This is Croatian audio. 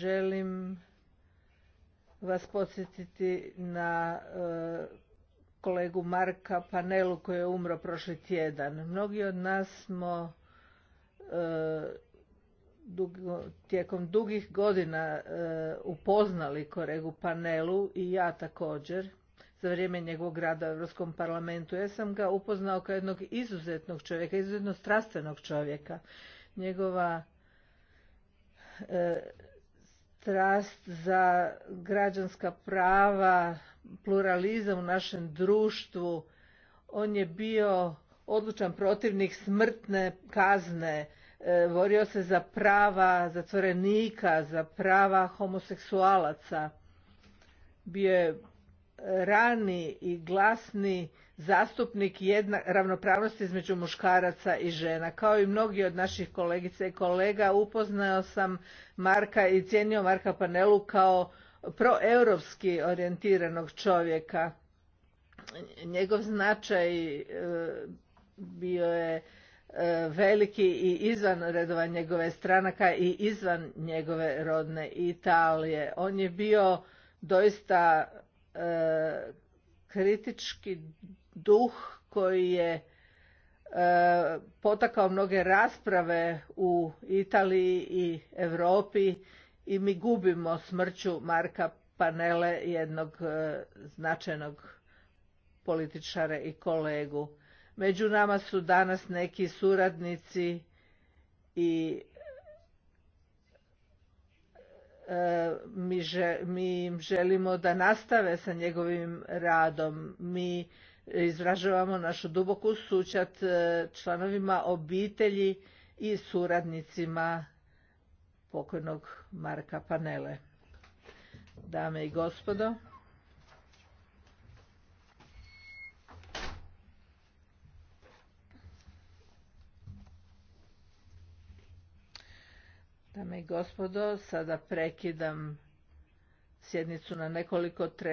želim vas podsjetiti na e, kolegu Marka Panelu koji je umro prošli tjedan. Mnogi od nas smo e, tijekom dugih godina e, upoznali koregu Panelu i ja također za vrijeme njegovog rada u Europskom parlamentu. Ja sam ga upoznao kao jednog izuzetnog čovjeka, izuzetno strastvenog čovjeka. Njegova strast za građanska prava, pluralizam u našem društvu. On je bio odlučan protivnik smrtne kazne, e, borio se za prava zatvorenika, za prava homoseksualaca. Bio je rani i glasni zastupnik jedna, ravnopravnosti između muškaraca i žena. Kao i mnogi od naših kolegica i kolega upoznao sam Marka i cijenio Marka Panelu kao proeuropski orijentiranog čovjeka. Njegov značaj e, bio je e, veliki i izvan redova njegove stranaka i izvan njegove rodne Italije. On je bio doista E, kritički duh koji je e, potakao mnoge rasprave u Italiji i Europi i mi gubimo smrću Marka Panele, jednog e, značajnog političara i kolegu. Među nama su danas neki suradnici i E, mi im želimo da nastave sa njegovim radom. Mi izražavamo našu duboku sućat e, članovima obitelji i suradnicima pokojnog Marka Panele. Dame i gospodo, Dame i gospodo, sada prekidam sjednicu na nekoliko tre